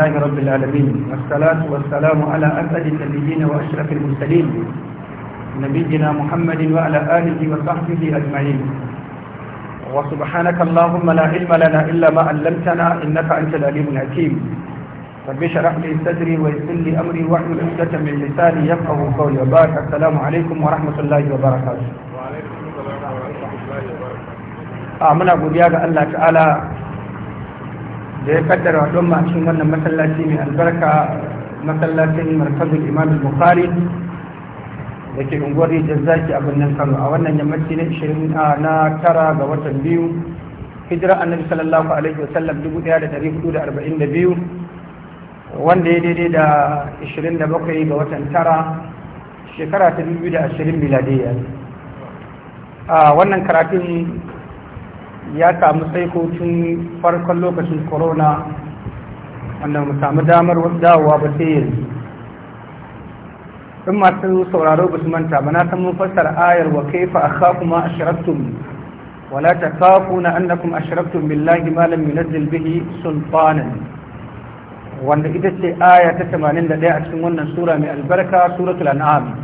الله رب العالمين والصلاة والسلام على أسد النبيين وأشرف المرسلين نبينا محمد وعلى آله وصحبه أجمعين وسبحانك اللهم لا علم لنا إلا ما علمتنا إنك أنت العليم الحكيم رب اشرح لي صدري ويسر لي أمري واحلل عقدة من لساني يفقه قولي وبارك السلام عليكم ورحمة الله وبركاته وعليكم السلام ورحمة الله وبركاته muna godiya ga Allah ta'ala da ya kaddara don ma cikin wannan masallaci mai albarka masallacin markazin imam bukhari da ke unguwar rijiyar zaki a birnin kano a wannan yammaci na 20 na tara ga watan biyu hijira annabi sallallahu alaihi wasallam 1442 wanda ya daidai da 27 ga watan tara shekara ta 2020 miladiyya a wannan karatun ya kamu saiko tun farkon lokacin corona wanda mu samu damar dawowa ba sai yanzu in masu sauraro ba su manta ba na san mun fassara ayar wa kaifa akhafu ma ashraktum wala takafuna annakum ashraktum billahi ma lam yunzil bihi sultanan wanda ita ce aya ta 81 a cikin wannan sura mai albarka suratul an'am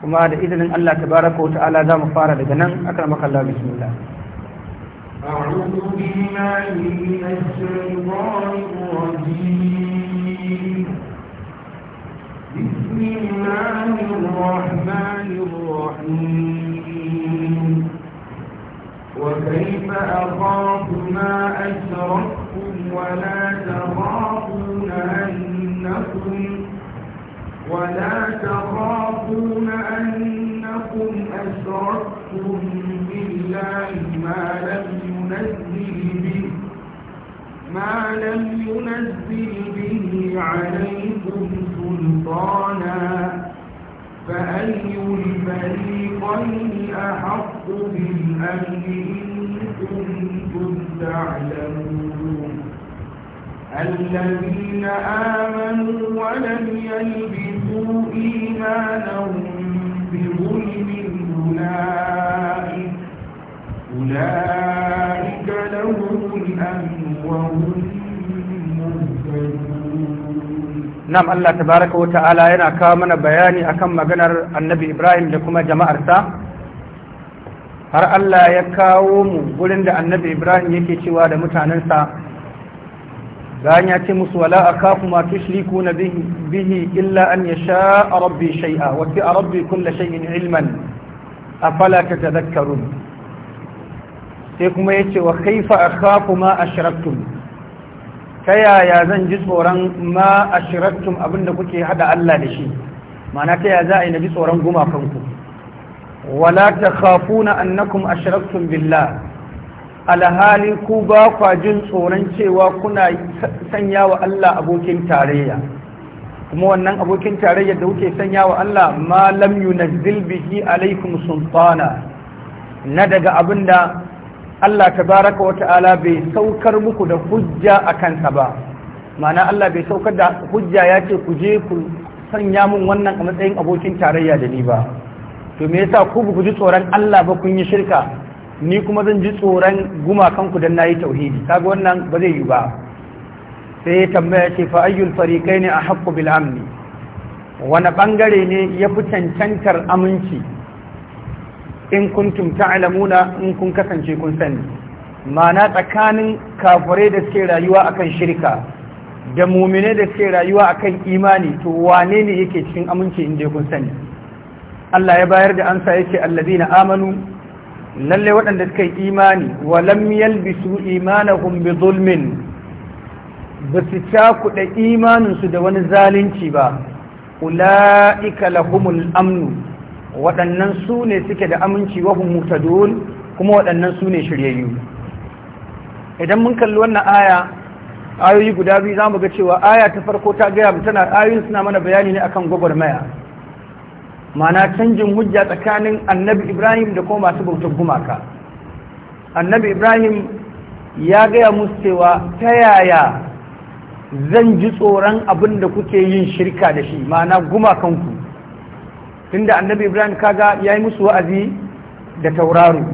kuma da izinin Allah tabaraka wa ta'ala za mu fara daga nan akramaka Allah bismillah أعوذ بالله من الشيطان الرجيم بسم الله الرحمن الرحيم وكيف أخاف ما أشركتم ولا تخافون أنكم ولا تخافون أنكم أشركتم ما لم ينزل به عليكم سلطانا فأي الفريقين أحق بالأمن إن كنتم تعلمون الذين آمنوا ولم يلبسوا إيمانهم بظلم أولئك أولئك لهم Nam Allah tabaraka wa ta'ala yana kawo mana bayani akan maganar Annabi Ibrahim da kuma jama'arsa har Allah ya kawo mu gurin da Annabi Ibrahim yake cewa da mutanensa bayan ya ce musu wala akafu ma na bihi illa an a rabbi shaia wa fi rabbi kulli shay'in ilman afala tatadhakkarun sai kuma ya ce wa kaifa kafu ma a ashraktum ta yaya zan ji tsoron ma a ashraktum abinda kuke hada Allah da shi ma'ana ta yaya za a yi na ji tsoron gumakanku wala takhafuna annakum ashraktum billah alhali ku ba kwa jin tsoron cewa kuna sanya wa Allah abokin tarayya kuma wannan abokin tarayya da kuke sanya wa Allah ma lam yunazzil bihi alaikum sultana na daga abinda Allah baraka wa ta'ala bai saukar muku da hujja a kansa ba ma'ana Allah bai saukar da hujja ya ce ku je ku sanya mun wannan a matsayin abokin tarayya da ni ba to me yasa ku ku ji tsoron Allah ba kun yi shirka ni kuma zan ji tsoron gumakan ku dan nayi tauhidi kaga wannan ba zai yi ba sai tambaya ce fa ayyul fariqaini ahaqqu bil amni wani bangare ne ya fi cancantar aminci in kuntum ta'lamuna in kun kasance kun sani ma'ana tsakanin kafirai da suke rayuwa akan shirka da mumine da suke rayuwa akan imani to wane ne yake cikin aminci inda kun sani Allah ya bayar da ansa yace allazina amanu lalle waɗanda suka yi imani wa lam yalbisu imanahum bi zulmin ba su cakuɗa imaninsu da wani zalunci ba ula'ika lahumul amnu waɗannan su ne suke da aminci wa muta muhtadun kuma waɗannan su ne shiryayyu idan mun kalli wannan aya ayoyi guda biyu za mu ga cewa aya ta farko ta gaya mu tana ayoyin suna mana bayani ne akan gwagwarmaya ma'ana canjin hujja tsakanin annabi ibrahim da kuma masu bautar gumaka annabi ibrahim ya gaya musu cewa ta yaya zan ji tsoron abin da kuke yin shirka da shi ma'ana gumakanku tunda annabi ibrahim kaga ya yi musu wa'azi da tauraro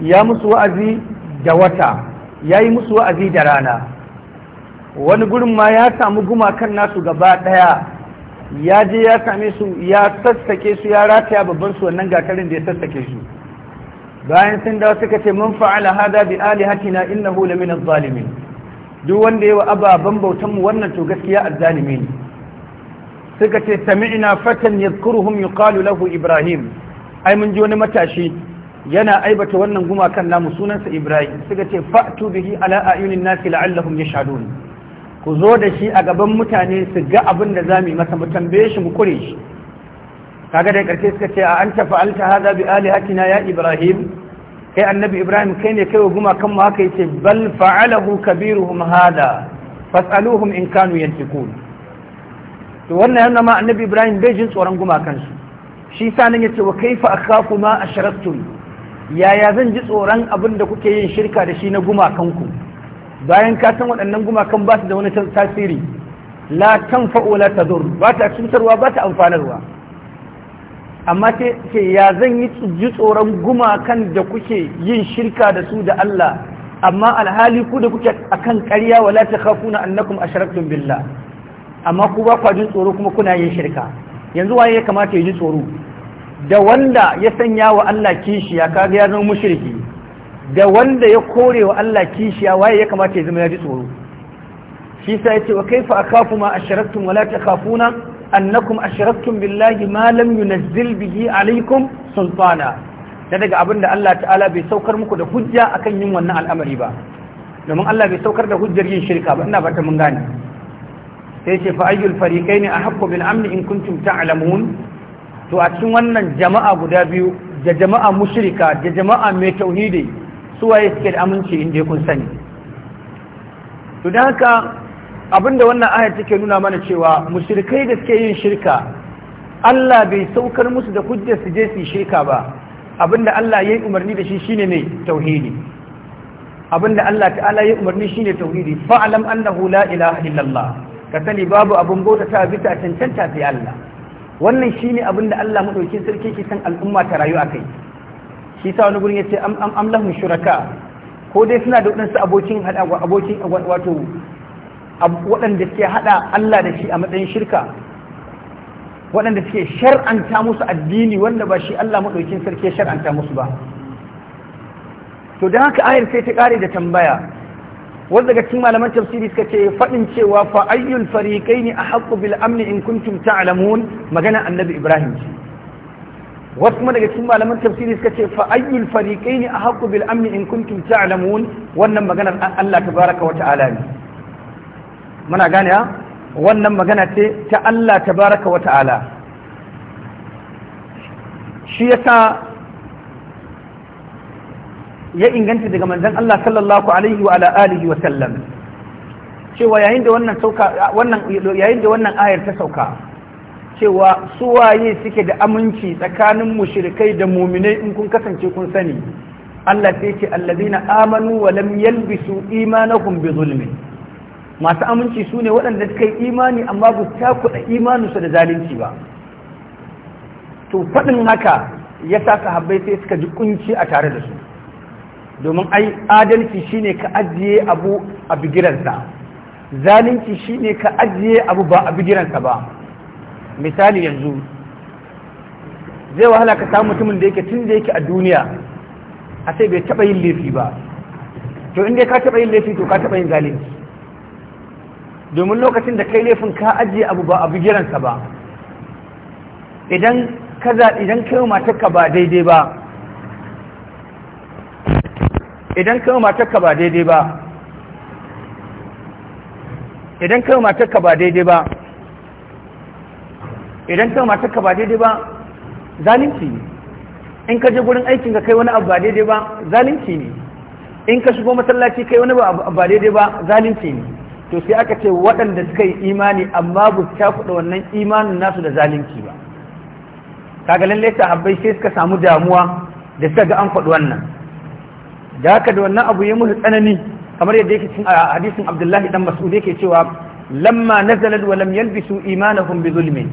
ya musu wa'azi da wata ya yi musu wa'azi da rana wani gurin ma ya samu gumakan nasu gaba ɗaya ya je ya same su ya sassake su ya rataya babban su wannan gatarin da ya sassake su bayan sun dawo suka ce mun fa'ala hada bi alihatina innahu lamin minan dhalimin duk wanda yawa ababan bautan mu wannan to gaskiya a ne suka ce sami'na fatan yadhkuruhum yuqalu lahu ibrahim ai mun ji wani matashi yana aibata wannan gumakan namu sunansa ibrahim suka ce fa'tu bihi ala ayunin nasi la'allahum yashhadun ku zo da shi a gaban mutane su ga abin da zamu masa mu tambaye shi mu kure shi kaga da karshe suka ce a anta fa'alta hadha bi alihatina ya ibrahim kai annabi ibrahim kai ne kai wa gumakan mu haka yace bal fa'alahu kabiruhum hada fas'aluhum in kanu yantiqun to wannan yana ma annabi ibrahim bai jin tsoron gumakansu shi sa nan ce wa kaifa akhafu ma ashraktum yaya zan ji tsoron abin da kuke yin shirka da shi na gumakan ku? bayan ka san waɗannan gumakan ba su da wani tasiri la tanfa'u la tadur ba ta cutarwa ba ta amfanarwa amma ce ya zan yi ji tsoron gumakan da kuke yin shirka da su da Allah amma alhali ku da kuke akan ƙarya wala khafuna annakum asharaktum billah amma ku ba kwa jin tsoro kuma kuna yin shirka yanzu waye ya kamata ya ji tsoro da wanda ya sanya wa Allah kishiya kaga ya zama mushriki da wanda ya kore wa Allah kishiya waye ya kamata ya zama ya ji tsoro shi sa yace wa kaifa akhafu ma asharaktum wala takhafuna annakum asharaktum billahi ma lam bihi alaykum sultana da daga abin da Allah ta'ala bai saukar muku da hujja akan yin wannan al'amari ba domin Allah bai saukar da hujjar yin shirka ba ina ba ta mun gane sai ce fa ayyul fariqaini ahqqu bil amni in kuntum ta'lamun to a cikin wannan jama'a guda biyu da jama'a mushrika da jama'a mai tauhidi su waye suke da aminci inda kun sani to da haka abinda wannan ayar take nuna mana cewa mushrikai da suke yin shirka Allah bai saukar musu da hujjar su je su shirka ba abinda Allah ya yi umarni da shi shine ne tauhidi abinda Allah ta'ala ya yi umarni shine tauhidi fa'alam annahu la ilaha illallah ka sani babu abin bauta ta bisa cancanta sai Allah wannan shine abin da Allah madaukin sarki ke san al'umma ta rayu akai shi sa wani gurin yace am am am lahum shuraka ko dai suna da wadansu abokin hada abokin wato waɗanda suke hada Allah da shi a matsayin shirka waɗanda suke shar'anta musu addini wanda ba shi Allah madaukin sarki shar'anta musu ba to dan haka ayar sai ta kare da tambaya wanda daga cikin malaman tafsiri suka ce faɗin cewa fa ayyul fariqaini ahqqu bil amn in kuntum ta'lamun magana annabi ibrahim ce wasu kuma daga cikin malaman tafsiri suka ce fa ayyul fariqaini ahqqu bil amn in kuntum ta'lamun wannan magana Allah tabaraka wa ta'ala ne muna gane ha wannan magana ce ta Allah tabaraka wa ta'ala shi yasa ya inganta daga manzan Allah sallallahu alaihi wa ala alihi wa sallam cewa yayin da wannan sauka ayar ta sauka cewa su waye suke da aminci tsakanin mushrikai da muminai in kun kasance kun sani Allah sai ce na amanu wa lam yalbisu imanahum bi zulmi masu aminci su ne waɗanda suka yi imani amma ba ta kuɗa imaninsu da zalunci ba to faɗin haka ya sa sahabbai sai suka ji kunci a tare da su domin ai adalci shine ka ajiye abu a bigiransa zalunci shine ka ajiye abu ba a bigiransa ba misali yanzu zai wahala ka samu mutumin da yake tun da yake a duniya a sai bai taɓa yin laifi ba to inda ka taɓa yin laifi to ka taɓa yin zalunci domin lokacin da kai laifin ka ajiye abu ba a bigiransa ba idan ka idan kai matarka ba daidai ba idan kai matarka ba daidai ba idan kai matarka ba daidai ba idan kai matarka ba daidai ba zalunci ne in ka je gurin aikin ka kai wani abu ba daidai ba zalunci ne in ka shigo masallaci kai wani abu ba daidai ba zalunci ne to sai aka ce waɗanda suka yi imani amma ba su tafuɗa wannan imanin nasu da zalunci ba kaga lallai habbai sai suka samu damuwa da suka ga an faɗi wannan da haka da wannan abu ya musu tsanani kamar yadda yake cikin ah, hadisin Abdullahi dan Mas'ud yake cewa lamma nazalat wa lam yalbisu imanahum bi zulmin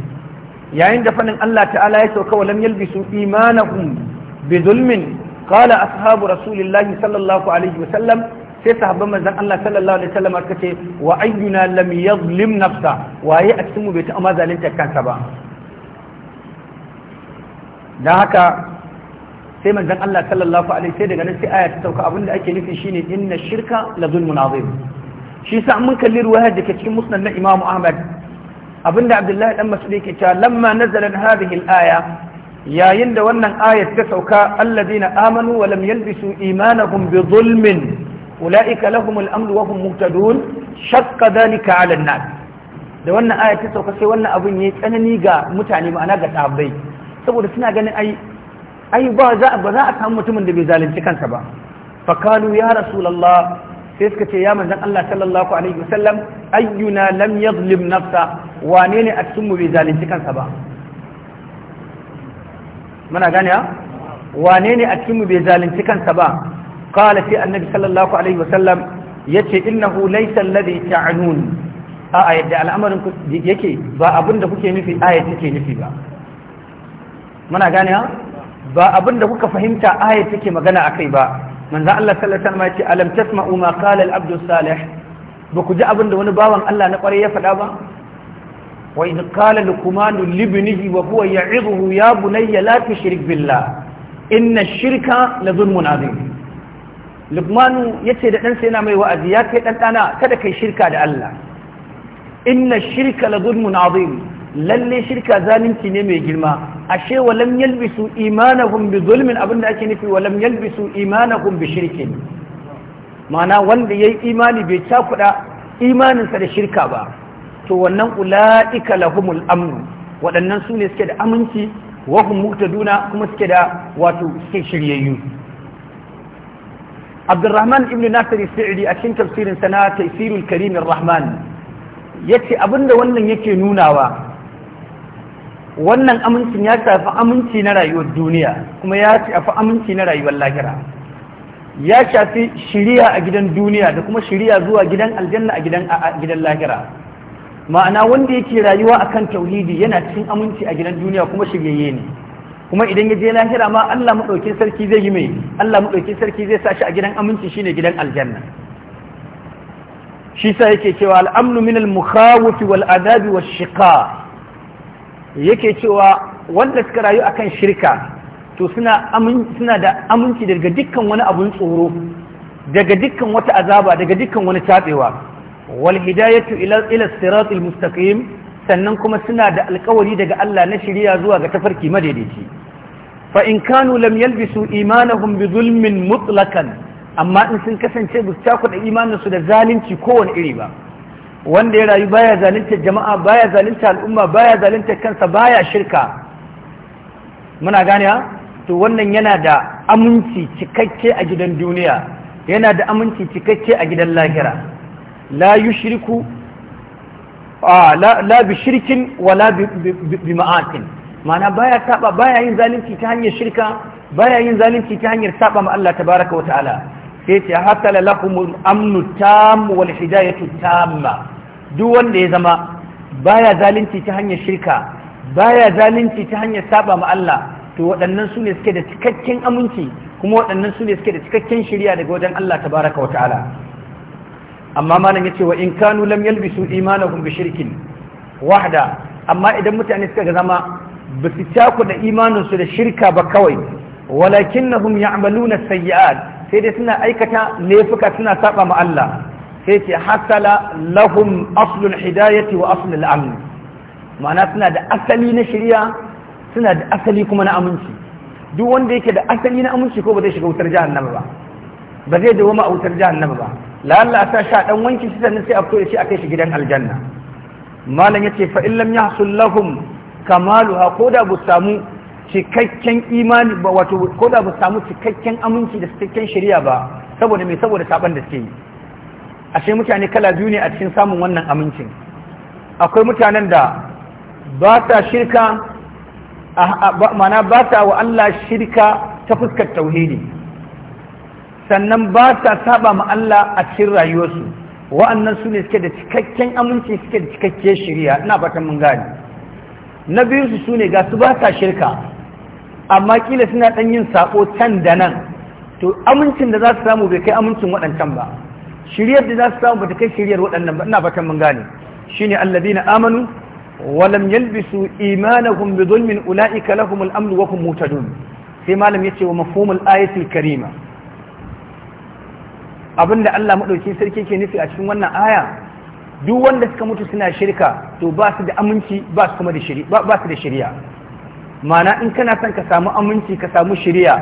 yayin da fanin Allah ta'ala ya sauka wa lam yalbisu imanahum bi zulmin qala ashabu rasulillah sallallahu alaihi wa sallam sai sahabban manzon Allah sallallahu alaihi wasallam aka ce wa ayyuna lam yadhlim nafsa waye a cikin mu bai ta amma zalunta kansa ba dan haka sai manzon Allah sallallahu alaihi sai daga nan sai aya ta sauka abinda ake nufi shine inna shirka la zulmun azim shi sa mun kalli ruwayar da ke cikin musnad na Imam Ahmad abinda Abdullahi dan Mas'ud yake cewa lamma nazalan hadhihi al-aya yayin da wannan ayat ta sauka alladhina amanu wa lam yalbisu imanahum bi zulmin ulaika lahum al-amn wa hum muhtadun shaqqa dhalika 'ala an-nas da wannan ayat ta sauka sai wannan abun yayi tsanani ga mutane ma'ana ga sahabbai saboda suna ganin ai ai ba za ba za a samu mutumin da bai zalunci kansa ba fa kalu ya rasulullah sai suka ce ya manzon Allah sallallahu alaihi wasallam ayyuna lam yadhlim nafsa wane ne a cikin mu bai zalunci kansa ba muna gane wane ne a cikin mu bai zalunci kansa ba qala sai annabi sallallahu alaihi wasallam yace innahu laysa alladhi ta'nun a yadda al'amarin ku yake ba abin da kuke nufi aya kuke nufi ba muna gane ba abin da kuka fahimta ayat take magana akai ba manzo Allah sallallahu alaihi wasallam ya ce alam tasma'u ma qala al-abdu salih ba ku ji abin da wani bawan Allah na kware ya faɗa ba wa idh qala luqman wa huwa ya'idhu ya bunayya la tushrik billah inna ash-shirka la zulmun azim luqman yace da dan sai yana mai wa'azi ya kai dan dana kada kai shirka da Allah inna ash-shirka la zulmun azim lalle shirka zalunci ne mai girma ashe walam yalbisu imanahum bi zulmin abinda ake nufi walam yalbisu imanahum bi shirkin ma'ana wanda yayi imani bai cakuda imaninsa da shirka ba to wannan ula'ika lahumul amnu waɗannan su ne suke da aminci wa hum muhtaduna kuma suke da wato suke shiryayyu Abdurrahman ibn Nasir Sa'idi a cikin tafsirin sana Taysirul Karim Ar-Rahman yace abinda wannan yake nunawa wannan amincin ya shafi aminci na rayuwar duniya kuma ya shafi aminci na rayuwar lahira ya shafi shirya a gidan duniya da kuma shiriya zuwa gidan aljanna a gidan gidan lahira ma'ana wanda yake rayuwa akan tauhidi yana cikin aminci a gidan duniya kuma shiryayye ne kuma idan ya je lahira ma Allah madaukin sarki zai yi mai Allah madaukin sarki zai sashi a gidan aminci shine gidan aljanna shi sa yake cewa al'amnu min al-mukhawif wal adabi wash shiqa yake cewa wanda suka rayu akan shirka to suna suna da aminci daga dukkan wani abun tsoro daga dukkan wata azaba daga dukkan wani tabewa wal hidayatu ila ila siratil mustaqim sannan kuma suna da alkawari daga Allah na shirya zuwa ga tafarki madaidaici fa in kanu lam yalbisu imanahum bi zulmin mutlaqan amma in sun kasance bu ta kuɗa imaninsu da zalunci kowane iri ba wanda ya rayu baya zalunta jama'a baya zalunta al'umma baya zalunta kansa baya shirka muna gane ha to wannan yana da aminci cikakke a gidan duniya yana da aminci cikakke a gidan lahira la yushriku la bi shirkin wala bi ma'atin Mana baya saba baya yin zalunci ta hanyar shirka baya yin zalunci ta hanyar saba ma Allah tabaraka wa ta'ala sai ce hasala lahumul amnu tam wal hidayatu tamma duk wanda ya zama baya zalunci ta hanyar shirka baya zalunci ta hanyar saba ma Allah to waɗannan su ne suke da cikakken aminci kuma waɗannan su ne suke da cikakken shirya daga wajen Allah tabaraka wa ta'ala amma malam yace wa in kanu lam yalbisu imanahum bi shirkin wahda amma idan mutane suka ga zama ba su da imaninsu da shirka ba kawai walakinnahum ya'maluna sayyi'at sai dai suna aikata laifuka suna saba ma Allah sai ce hasala lahum aslul hidayati wa aslul amn ma'ana suna da asali na shari'a suna da asali kuma na aminci duk wanda yake da asali na aminci ko ba zai shiga wutar jahannama ba ba zai dawo ma a wutar jahannama ba la Allah ta sha dan wanki shi sannan sai a fito shi akai shi gidan aljanna malam yace fa in lam yahsul lahum kamaluha ko da bu samu cikakken imani ba wato ko da ba samu cikakken aminci da cikakken shari'a ba saboda mai saboda saban da suke yi ashe mutane kala biyu ne a cikin samun wannan amincin akwai mutanen da ba sa shirka mana ba sa wa Allah shirka ta fuskar tauhidi sannan ba sa saba ma Allah a cikin rayuwarsu wa'annan su ne suke da cikakken aminci suke da cikakken shari'a ina fatan mun gane na biyu su ne ga su ba sa shirka amma kila suna ɗan yin sako can da nan to amincin da za su samu bai kai amincin waɗancan ba shiryar da za su samu bata kai shiryar waɗannan ba ina fatan mun gane shine alladhina amanu wa lam yalbisu imanahum bi dhulmin ulaika lahum al-amn wa hum muhtadun sai malam yace wa mafhumul ayati karima abinda Allah madauki sarki ke nufi a cikin wannan aya duk wanda suka mutu suna shirka to ba su da aminci ba su kuma da shiri ba su da shiriya ma'ana in kana son ka samu aminci ka samu shiriya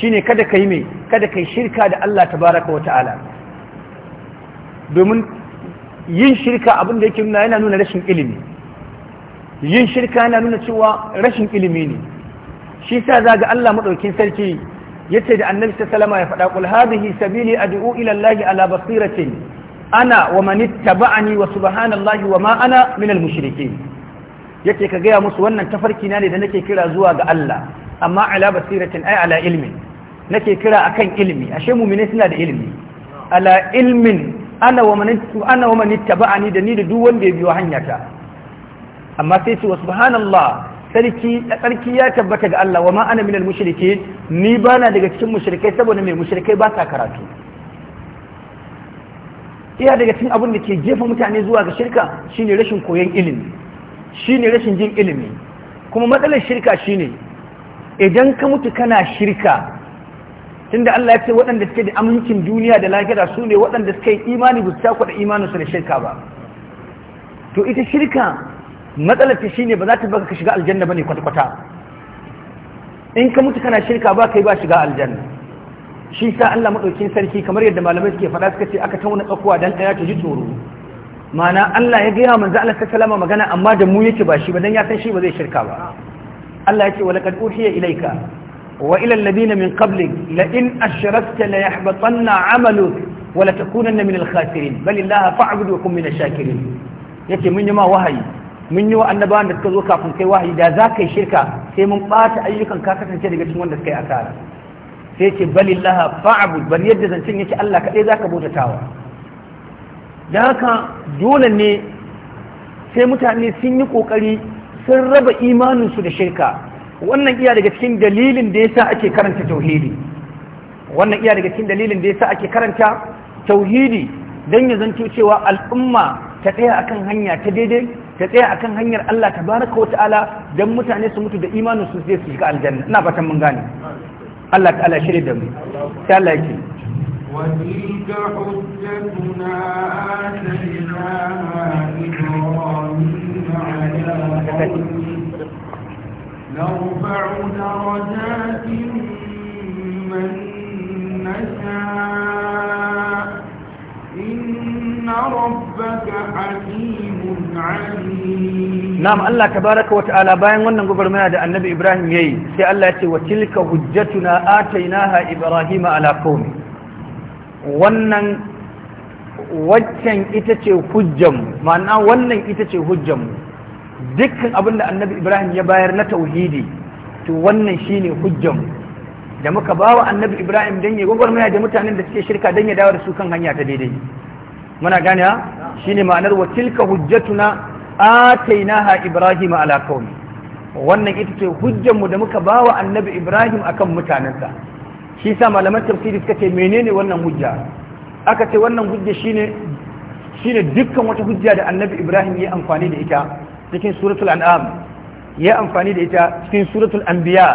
shine kada kai mai kada kai shirka da Allah tabaraka wa ta'ala domin yin shirka abin da yake nuna yana nuna rashin ilimi yin shirka yana nuna cewa rashin ilimi ne shi sa zaga Allah madaukin sarki yace da annabi sallama ya faɗa qul hadhihi sabili ad'u ila allahi ala basiratin ana wa man wa subhanallahi wa ma ana min al yake ka gaya musu wannan tafarki na ne da nake kira zuwa ga Allah amma ala basiratin ai ala ilmin nake kira akan ilmi ashe mu'mini suna da ilmi ala ilmin ana wa man ana wa man ittaba'ani da ni da duk wanda ya biyo hanyata amma sai ce subhanallah sarki sarki ya tabbata ga Allah wa ma ana minal mushrikin ni bana daga cikin mushrikai saboda mai mushrikai ba sa karatu iya daga cikin abin da ke jefa mutane zuwa ga shirka shine rashin koyon ilimi shine rashin jin ilimi kuma matsalar shirka shine idan ka mutu kana shirka tunda Allah ya ce waɗanda suke da amincin duniya da lahira su ne waɗanda suka yi imani ba su ta kwaɗa imaninsu da shirka ba to ita shirka matsalar ta shine ba za ta baka ka shiga aljanna ba ne kwata-kwata in ka mutu kana shirka ba kai ba shiga aljanna shi sa Allah madaukin sarki kamar yadda malamai suke faɗa suka ce aka tauna tsakuwa dan ɗaya ta ji tsoro ma'ana Allah ya gaya manzo Allah sallama magana amma da mu yake ba shi ba dan ya san shi ba zai shirka ba Allah ya ce wa laqad uhiya ilayka wa ila alladhina min qablik la in ashrakta la yahbatanna 'amaluk wa la takunanna min al-khasirin bal illaha fa'budu wa kun min ash-shakirin yace mun yi ma wahayi mun yi wa annabawan da suka zo kafin kai wahayi da za kai shirka sai mun bata ayyukan ka kasance daga cikin wanda suka yi asara sai ce bal illaha fa'bud bar yadda zancin yake Allah kadai zaka bautatawa da haka dole ne sai mutane sun yi kokari sun raba imaninsu da shirka wannan iya daga cikin dalilin da yasa ake karanta tauhidi wannan iya daga cikin dalilin da yasa ake karanta tauhidi don ya zanto cewa al'umma ta tsaya akan hanya ta daidai ta tsaya akan hanyar Allah Ta wata wata'ala don mutane su mutu da imaninsu sai su shiga aljanna ina fatan mun gane Allah Ta ta'ala shirye da mu ta Allah yake وتلك حجتنا آتيناها إبراهيم على قومه نرفع درجات من نشاء إن ربك حكيم عليم نعم الله تبارك وتعالى باين wannan gwagwarmaya da Annabi Ibrahim yayi sai Allah ya ce wa tilka hujjatuna atainaha Ibrahima ala qaumi wannan waccan ita ce hujjanmu ma'ana wannan ita ce hujjanmu dukkan abin da annabi ibrahim ya bayar na tauhidi to wannan shine hujjanmu da muka bawa annabi ibrahim don ya gwagwarmaya da mutanen da suke shirka don ya dawo da su kan hanya ta daidai muna gane shine ma'anar wa tilka hujjatuna atainaha ibrahim ala qaumi wannan ita ce hujjanmu da muka bawa annabi ibrahim akan mutanensa shi sa malaman tafsiri suka ce menene wannan hujja aka ce wannan hujja shine shine dukkan wata hujja da annabi ibrahim ya amfani da ita cikin suratul an'am ya amfani da ita cikin suratul anbiya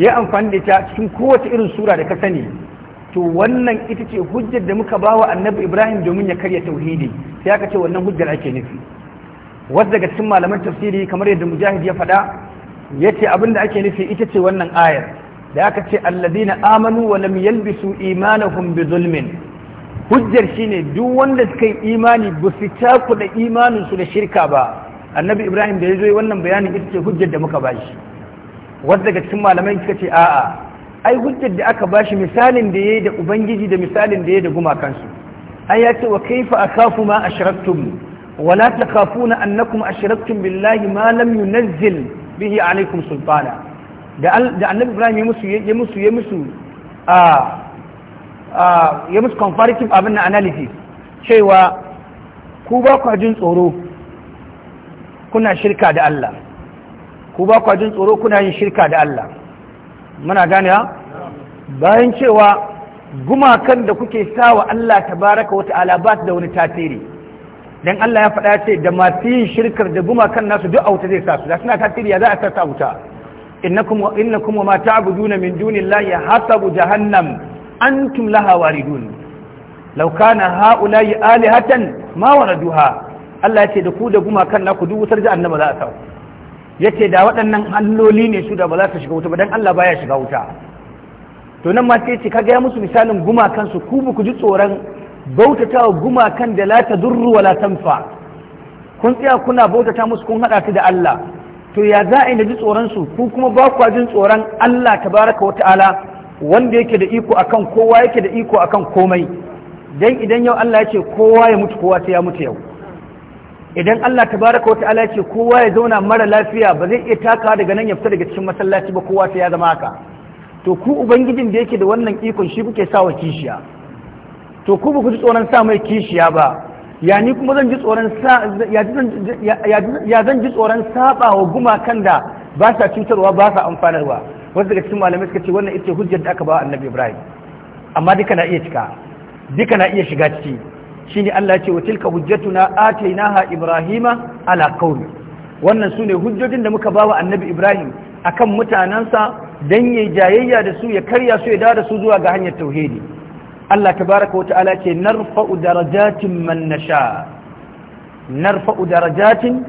ya amfani da ita cikin kowace irin sura da ka sani to wannan ita ce hujjar da muka bawa annabi ibrahim domin ya karya tauhidi sai aka ce wannan hujjar ake nufi wasu daga cikin malaman tafsiri kamar yadda mujahid ya faɗa ya ce abin da ake nufi ita ce wannan ayar da aka ce alladina amanu wa lam yalbisu imanahum bi zulmin hujjar shine duk wanda suka yi imani ba su cakuɗa imanin su da shirka ba annabi ibrahim da ya zo wannan bayanin ita ce hujjar da muka bashi wasu daga cikin malamai suka ce a'a ai hujjar da aka bashi misalin da yayi da ubangiji da misalin da yayi da gumakansu ai ya ce wa kaifa akafu ma ashraktum wala takhafuna annakum ashraktum billahi ma lam yunazzil bihi alaikum sultana da annabi ibrahim ya musu ya musu ya musu ya musu comparative abin na analysis cewa ku ba ku jin tsoro kuna shirka da Allah ku ba ku jin tsoro kuna yin shirka da Allah muna gane bayan cewa gumakan da kuke sawa Allah tabaraka wa ta'ala ba da wani tasiri dan Allah ya faɗa ce da masu yin shirkar da gumakan nasu duk auta zai sa su da suna tasiri ya za a sa wuta innakum wa innakum wa ma ta'buduna min dunillahi hasabu jahannam antum laha waridun law kana haula'i alihatan ma waraduha Allah ya ce da ku da gumakan naku duk wutar jahannama za a sau yace da waɗannan alloli ne su da ba za su shiga wuta ba dan Allah baya shiga wuta to nan ma sai ce kaga ya musu misalin gumakansu su ku ku ji tsoron bautatawa gumakan da la tadurru wa tanfa kun tsaya kuna bautata musu kun hada ta da Allah to ya za a yi ji tsoronsu ku kuma ba kwa jin tsoron Allah tabaraka wa ta'ala wanda yake da iko akan kowa yake da iko akan komai dan idan yau Allah ya ce kowa ya mutu kowa ta ya mutu yau idan Allah tabaraka wa ta'ala ya ce kowa ya zauna mara lafiya ba zai iya takawa daga nan ya fita daga cikin masallaci ba kowa ta ya zama haka to ku ubangijin da yake da wannan ikon shi kuke sa wa kishiya to ku ba ku ji tsoron sa mai kishiya ba ya ni kuma zan ji tsoron ya zan ji tsoron saba wa gumakan da ba sa cutarwa ba sa amfanarwa wasu daga cikin malamai suka ce wannan ita hujjar da aka ba annabi ibrahim amma duka na iya cika duka na iya shiga ciki shine Allah ya ce wa tilka hujjatuna atainaha ibrahima ala qaumi wannan sune hujjojin da muka bawa annabi ibrahim akan mutanansa dan yayi jayayya da su ya karya su ya dawo da su zuwa ga hanyar tauhidi Allah tabaraka wa ta'ala ce narfa'u darajatin man nasha narfa'u darajatin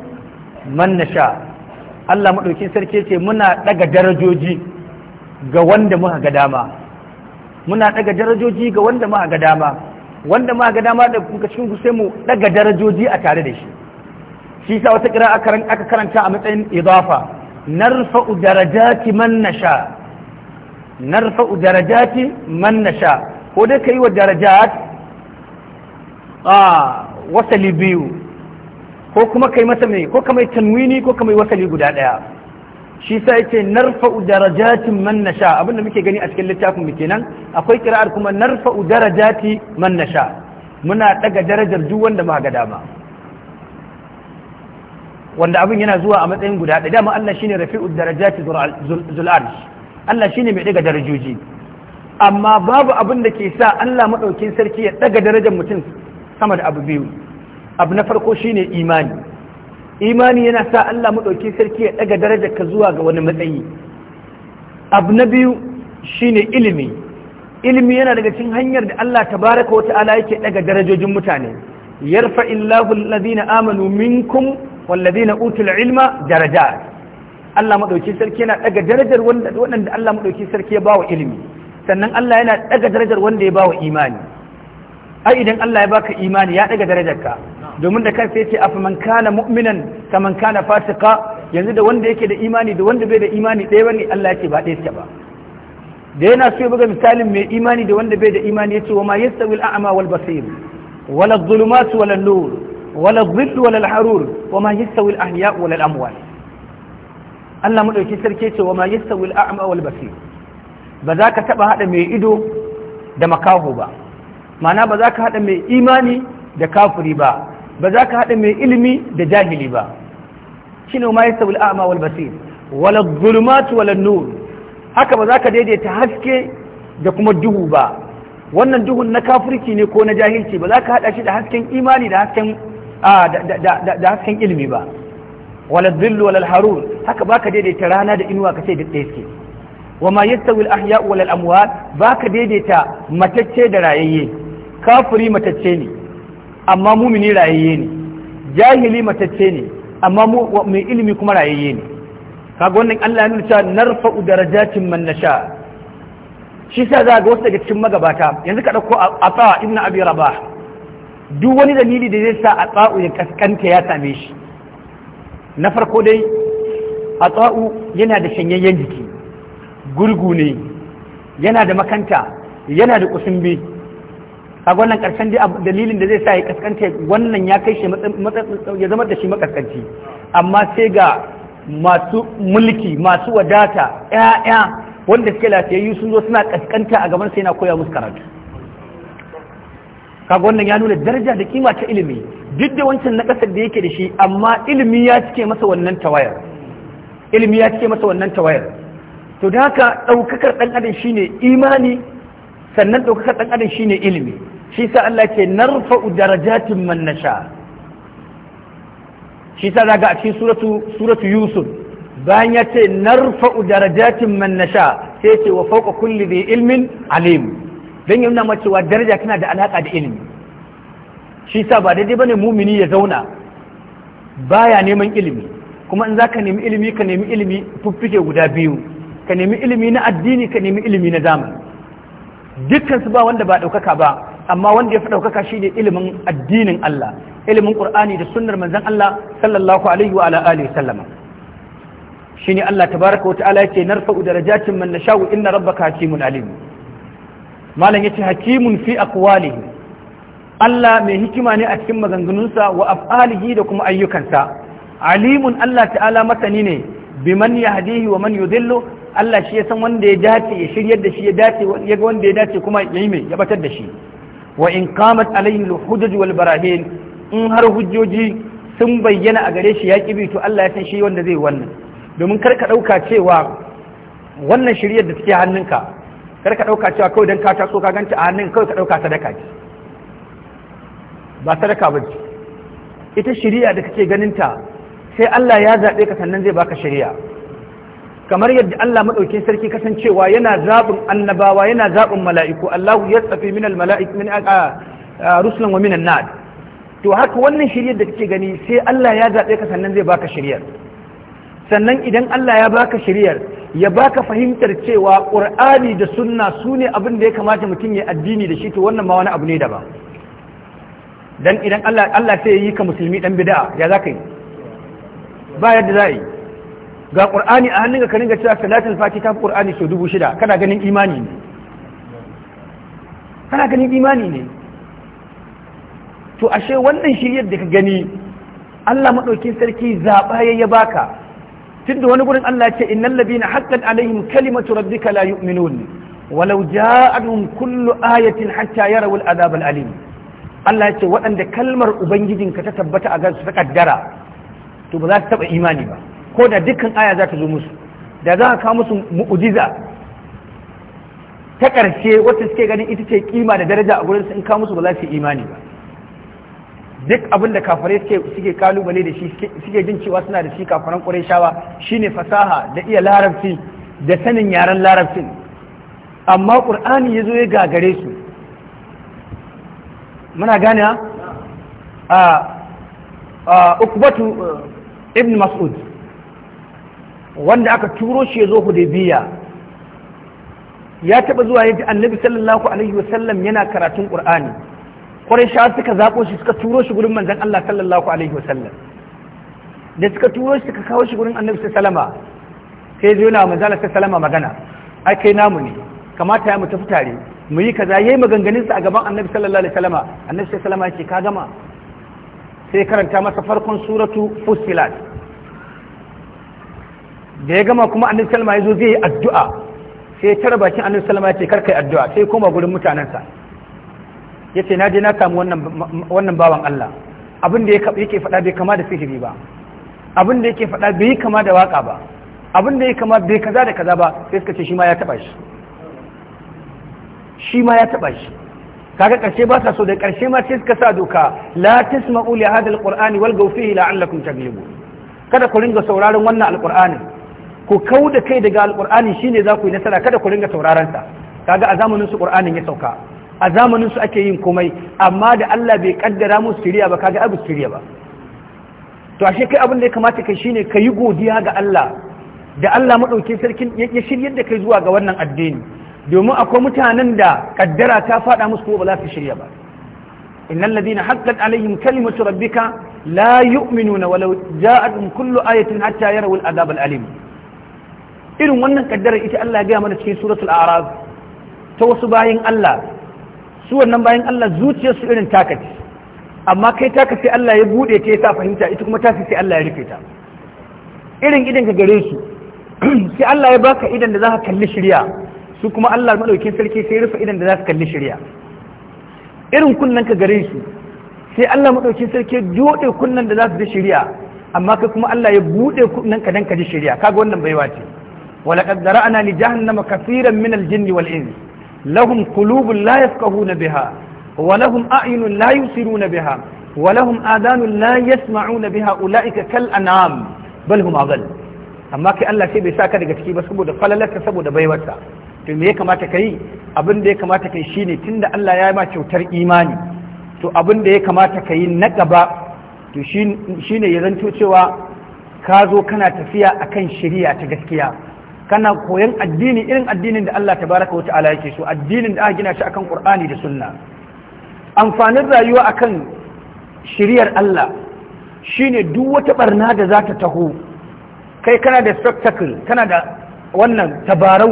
man nasha Allah madaukin sarki ce muna daga darajoji ga wanda muka ga dama muna daga darajoji ga wanda muka ga dama wanda muka ga dama da kuka cikin gusai mu daga darajoji a tare da shi shi sa wata kira aka karanta a matsayin idafa narfa'u darajati man nasha narfa'u darajati man nasha ko dai ka yi wa darajat a wasali biyu ko kuma kai masa mai ko mai tanwini ko mai wasali guda daya shi sa yace narfa'u darajatin man na abin da muke gani a cikin littafin mu kenan akwai kira'ar kuma narfa'u darajati man na sha muna daga darajar duk wanda ma ga dama wanda abin yana zuwa a matsayin guda daya dama Allah shine rafi'u darajati zul arsh Allah shine mai daga darajoji amma babu abin da ke sa Allah maɗaukin sarki ya ɗaga darajar mutum sama da abu biyu abu na farko shine imani imani yana sa Allah maɗaukin sarki ya ɗaga darajar ka zuwa ga wani matsayi abu na biyu shine ilimi ilimi yana daga cikin hanyar da Allah ta baraka wata ala yake ɗaga darajojin mutane yarfa illahu alladhina amanu minkum walladhina utul ilma darajat Allah maɗaukin sarki yana ɗaga darajar waɗanda Allah maɗaukin sarki ya bawa ilimi sannan Allah yana daga darajar wanda ya bawa imani ai idan Allah ya baka imani ya daga darajarka domin da kansa yace afa man kana mu'minan kaman kana fasika yanzu da wanda yake da imani da wanda bai da imani ɗaya bane Allah yace ba ɗaya ce ba da yana so ya buga misalin mai imani da wanda bai da imani yace wa ma yastawi al-a'ma wal basir wala adh-dhulumat wala an-nur wala adh-dhill wala al-harur wa ma yastawi al-ahya wala al-amwat Allah madauki sarki yace wa ma yastawi al-a'ma wal basir ba za ka taɓa haɗa mai ido da makaho ba mana ba za ka haɗa mai imani da kafuri ba ba za ka haɗa mai ilimi da jahili ba shi ne ma yasa ama wal basir wala zulmatu wala nur haka ba za ka daidaita haske da kuma duhu ba wannan duhun na kafurki ne ko na jahilci ba za ka haɗa shi da hasken imani da hasken ilimi ba wala zillu wala harur haka ba ka daidaita rana da inuwa ka ce da ɗaya wa ma yastawi al-ahya wal amwat baka daidaita matacce da rayayye kafiri matacce ne amma mumini rayayye ne jahili matacce ne amma mai ilimi kuma rayayye ne kaga wannan Allah ya nuna cewa narfa'u darajatin man nasha shi sa za ga wasu daga cikin magabata yanzu ka dauko Atha ibn Abi Rabah duk wani dalili da zai sa Atha ya kaskanta ya same shi na farko dai Atha yana da shanyayyen jiki gurgu ne yana da makanta yana da kusumbi a wannan karshen dalilin da zai sa ya kaskanta wannan ya kai shi ya zama da shi makaskanci amma sai ga masu mulki masu wadata ya'ya wanda suke lafiyayyu sun zo suna kaskanta a gaban sai na koya musu karatu kaga wannan ya nuna daraja da kima ta ilimi duk da wancan na kasar da yake da shi amma ilimi ya cike masa wannan tawayar ilimi ya cike masa wannan tawayar to da haka ɗaukakar ɗan adam shine imani sannan ɗaukakar ɗan adam shine ilimi shi sa Allah ke narfa darajatin man nasha shi sa daga a cikin suratu Yusuf bayan ya ce narfa'u darajatin man nasha sai ce wa fawqa kulli bi ilmin alim dan yana ma cewa daraja tana da alaka da ilimi shi sa ba daidai bane mumini ya zauna baya neman ilimi kuma in zaka nemi ilimi ka nemi ilimi fuffike guda biyu ka nemi ilimi na addini ka nemi ilimi na zamani dukkan su ba wanda ba ɗaukaka ba amma wanda ya fi ɗaukaka shi ne ilimin addinin Allah ilimin Qur'ani da sunnar manzon Allah sallallahu alaihi wa ala alihi sallama shine Allah tabaraka wa ta'ala yake narfa'u darajatin man nasha'u inna rabbaka hakimun alim malam yace hakimun fi aqwalihi Allah mai hikima ne a cikin maganganunsa wa af'alihi da kuma ayyukansa alimun Allah ta'ala masani ne biman yahdihi wa man yudhillu Allah shi ya san wanda ya dace ya shiryar da shi ya dace ya ga wanda ya dace kuma ya yi mai ya batar da shi wa in qamat alayhi al-hujaj wal barahin in har hujjoji sun bayyana a gare shi ya kibi to Allah ya san shi wanda zai wannan domin kar ka dauka cewa wannan shiryar da take hannunka kar ka dauka cewa kawai dan ka taso ka ganta a hannun kawai ka dauka sadaka ce ba sadaka ba ita shiriya da kake ganinta sai Allah ya zaɓe ka sannan zai baka shiriya kamar yadda Allah madaukin sarki kasancewa yana zabin annabawa yana zabin mala'iku Allahu min al mala'ik min ruslan wa minan nad to haka wannan shiryar da kake gani sai Allah ya zabe ka sannan zai baka shiryar sannan idan Allah ya baka shiryar ya baka fahimtar cewa Qur'ani da sunna sune abin da ya kamata mutum ya addini da shi to wannan ma wani abu ne daban dan idan Allah Allah sai ya yi ka musulmi dan bid'a ya zaka ba yadda za yi ga ƙurani a ga ka ga cewa salatin fati ta fi qur'ani sau dubu shida kana ganin imani ne kana ganin imani ne to ashe wannan shiryar da ka gani Allah maɗaukin sarki zaɓa ya ya baka tunda wani gurin Allah ce innal ladina haqqan alaihim kalimatu rabbika la yu'minun walau adun kullu ayatin hatta yarawu al'adab al'alim Allah ya ce waɗanda kalmar ubangijinka ta tabbata a gansu ta kaddara to ba za su taɓa imani ba ko da dukkan aya za ta zo musu da za a kawo musu mu'ujiza ta ƙarshe wata suke ganin ita ce kima da daraja a gurin sun in kawo musu ba za su yi imani ba duk abin da kafare suke kalubale da shi suke jin cewa suna da shi kafaran shi shine fasaha da iya larabci da sanin yaren larabcin amma ƙur'ani ya zo ya gagare su muna gane a ukubatu eh, ibn mas'ud wanda aka turo shi ya zo hudaybiya ya taba zuwa yaji annabi sallallahu alaihi wa sallam yana karatun qur'ani quraisha suka zabo shi suka turo shi gurin manzon Allah sallallahu alaihi wa sallam da suka turo shi suka kawo shi gurin annabi sallama sai zo na manzon Allah sallama magana ai kai namu ne kamata ya mu tafi tare mu yi kaza yayi maganganun sa a gaban annabi sallallahu alaihi wasallama annabi sallama ya ce ka gama sai karanta masa farkon suratu fussilat da ya gama kuma annabi salma ya zo zai yi addu'a sai tara bakin annabi salma ya ce karka yi addu'a sai koma gurin mutanensa ya ce na je na samu wannan bawan Allah abin da yake faɗa bai kama da sihiri ba abin da yake faɗa bai kama da waka ba abin da ya kama bai kaza da kaza ba sai suka ce shi ma ya taba shi shi ma ya taba shi kaga karshe ba sa so da karshe ma sai suka sa doka la tasma'u li hadha alqur'ani walgaw fihi la'allakum taglibun kada ku ringa sauraron wannan alqur'anin ku kau da kai daga Alƙur'ani shine za ku yi nasara kada ku ringa sauraron sa kaga a zamanin su qur'anin ya sauka a zamanin su ake yin komai amma da Allah bai kaddara musu siriya ba kaga abu siriya ba to ashe kai abin da ya kamata kai shine ka yi godiya ga Allah da Allah madauke sarkin ya shiryar da kai zuwa ga wannan addini domin akwai mutanen da kaddara ta faɗa musu ko ba za su shirya ba innal ladina haqqat alaihim kalimatu rabbika la yu'minuna walau ja'atuhum kullu ayatin hatta yarawul adabal alim irin wannan kaddarar ita Allah ya gaya mana cikin suratul a'raf ta wasu bayin Allah su wannan bayin Allah zuciyarsu irin takati amma kai takati Allah ya bude ta ya fahimta ita kuma sai Allah ya rufe ta irin idan ka gare su sai Allah ya baka idan da za ka kalli shirya su kuma Allah madaukin sarki sai rufe idan da za ka kalli shirya irin kunnen ka gare su sai Allah madaukin sarki jode kunnen da za su ji shirya amma kai kuma Allah ya bude kunnen ka dan ka ji shirya kaga wannan baiwa ce ولقد ذرأنا لجهنم كثيرا من الجن والإنس لهم قلوب لا يفقهون بها ولهم أعين لا يبصرون بها ولهم آذان لا يسمعون بها أولئك كالأنعام بل هم أضل amma kai Allah sai bai sa ka daga ciki ba saboda falalarka saboda baiwarsa to me ya kamata ka yi abin da ya kamata ka yi shine tunda Allah ya yi ma kyautar imani to abin da ya kamata ka yi na gaba to shine ya cewa ka zo kana tafiya kan shiriya ta gaskiya kana koyan addini irin addinin da Allah tabaraka wa ta'ala yake so addinin da aka gina shi akan Qur'ani da Sunna amfanin rayuwa akan shiriyar Allah shine duk wata barna da za ta taho kai kana da spectacle kana da wannan tabarau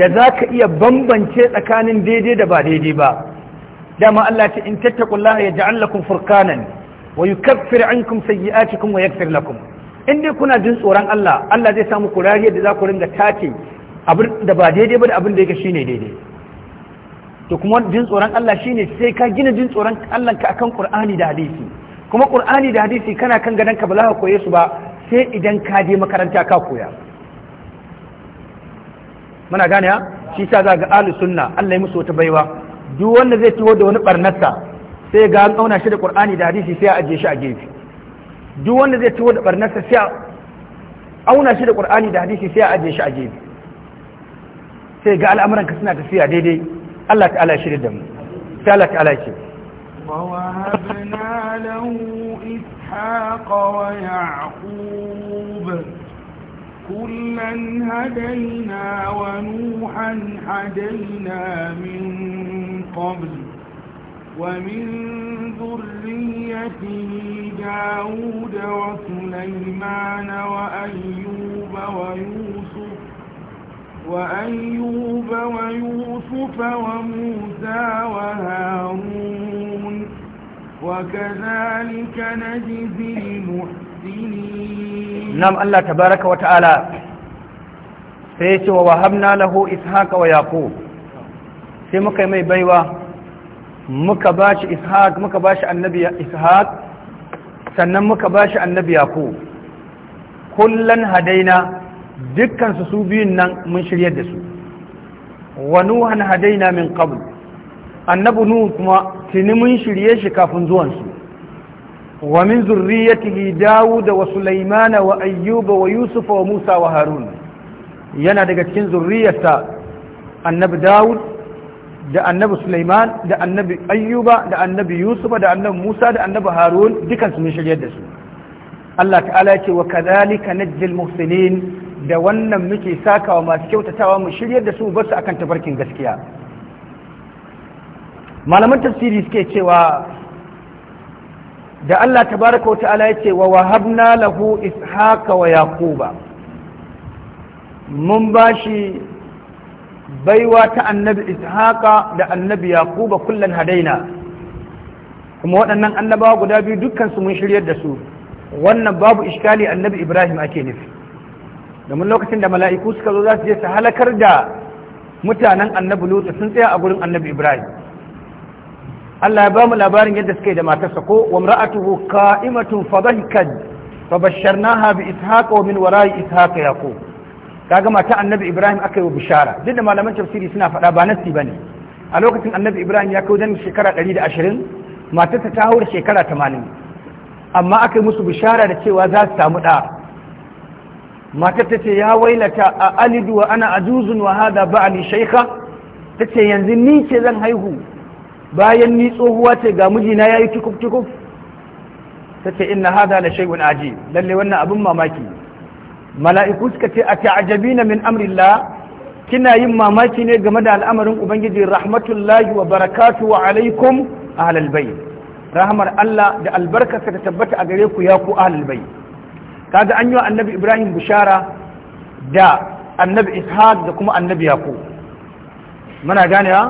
da za ka iya bambance tsakanin daidai da ba daidai ba dama Allah ce in tattaqullaha yaj'al lakum furqanan wa yukaffir ankum sayyi'atikum wa yaghfir lakum in dai kuna jin tsoron Allah Allah zai samu kurariya da za ku ringa tace abin da ba daidai ba da abin da yake shine daidai to kuma jin tsoron Allah shine sai ka gina jin tsoron Allah ka akan Qur'ani da hadisi kuma Qur'ani da hadisi kana kan gadan ka ba za ka koye su ba sai idan ka je makaranta ka koya muna gane ha shi sa za ga ahli sunna Allah ya musu wata baiwa duk wanda zai taho da wani barnarsa sai ga an kauna shi da Qur'ani da hadisi sai a ajiye shi a gefe duk wanda zai ciwo da barnarsa sai a auna shi da qur'ani da hadisi sai a ajiye shi a gefe sai ga al'amuran ka suna tafiya daidai Allah ta'ala ya shirya da mu sai Allah ta'ala ce ووهبنا له إسحاق ويعقوب كلا هدينا ونوحا هدينا من قبل ومن ذريته داود وسليمان وأيوب ويوسف وأيوب ويوسف وموسى وهارون وكذلك نجزي المحسنين نعم الله تبارك وتعالى سيسي ووهبنا له إسحاق ويعقوب سيمك مي بيوه muka ba shi ishaq muka ba shi annabi ishaq sannan muka ba shi annabi yaqo kullan hadaina dukkan su su biyun nan mun shiryar da su wa nuhan hadaina min qabl annabi nuhu kuma tuni mun shirye shi kafin zuwan su wa min zurriyatihi dawud wa sulaiman wa ayyuba wa yusuf wa musa wa harun yana daga cikin zurriyarsa annabi dawud da annabi Suleiman, da annabi Ayyuba da annabi Yusuf da annabi Musa da annabi Harun dukan su mun shiryar da su Allah ta'ala ya ce wa kadhalika najjil muhsinin da wannan muke sakawa masu kyautatawa mu shiryar da su ba su akan tabarkin gaskiya malaman tafsiri suke cewa da Allah tabaraka wa ta'ala ya ce wa wahabna lahu ishaqa wa yaquba mun bashi baiwa ta annabi ishaqa da annabi yakuba kullan hadaina kuma waɗannan annabawa guda biyu dukkan su mun shiryar da su wannan babu iskali annabi ibrahim ake nufi domin lokacin da mala'iku suka zo za su je su halakar da mutanen annabi lutu sun tsaya a gurin annabi ibrahim Allah ya ba mu labarin yadda suka yi da matarsa ko wa imratun fa dhahikat fa basharnaha bi ishaqa wa min wara'i ishaqa yaqub ka kaga mata annabi ibrahim aka yi wa bishara duk da malaman tafsiri suna faɗa ba nasi ba ne a lokacin annabi ibrahim ya kai wajen shekara ɗari da ashirin matarsa ta haura shekara tamanin amma aka yi musu bishara da cewa za su samu ɗa matar ta ce ya wailata a alidu wa ana ajuzun wa hada ba'ali shaikha ta ce yanzu ni ce zan haihu bayan ni tsohuwa ce ga mijina ya yi tukuf tukuf ta ce inna hada la shaikun aji lalle wannan abin mamaki mala'iku suka ce a na min amrillah kina yin mamaki ne game da al'amarin ubangiji rahmatullahi wa barakatu wa alaikum ahlal bayt rahmar Allah da albarka ka tabbata a gare ku ya ku halalbai bayt kaga an yi annabi Ibrahim bushara da annabi Ishaq da kuma annabi yaku mana gane ha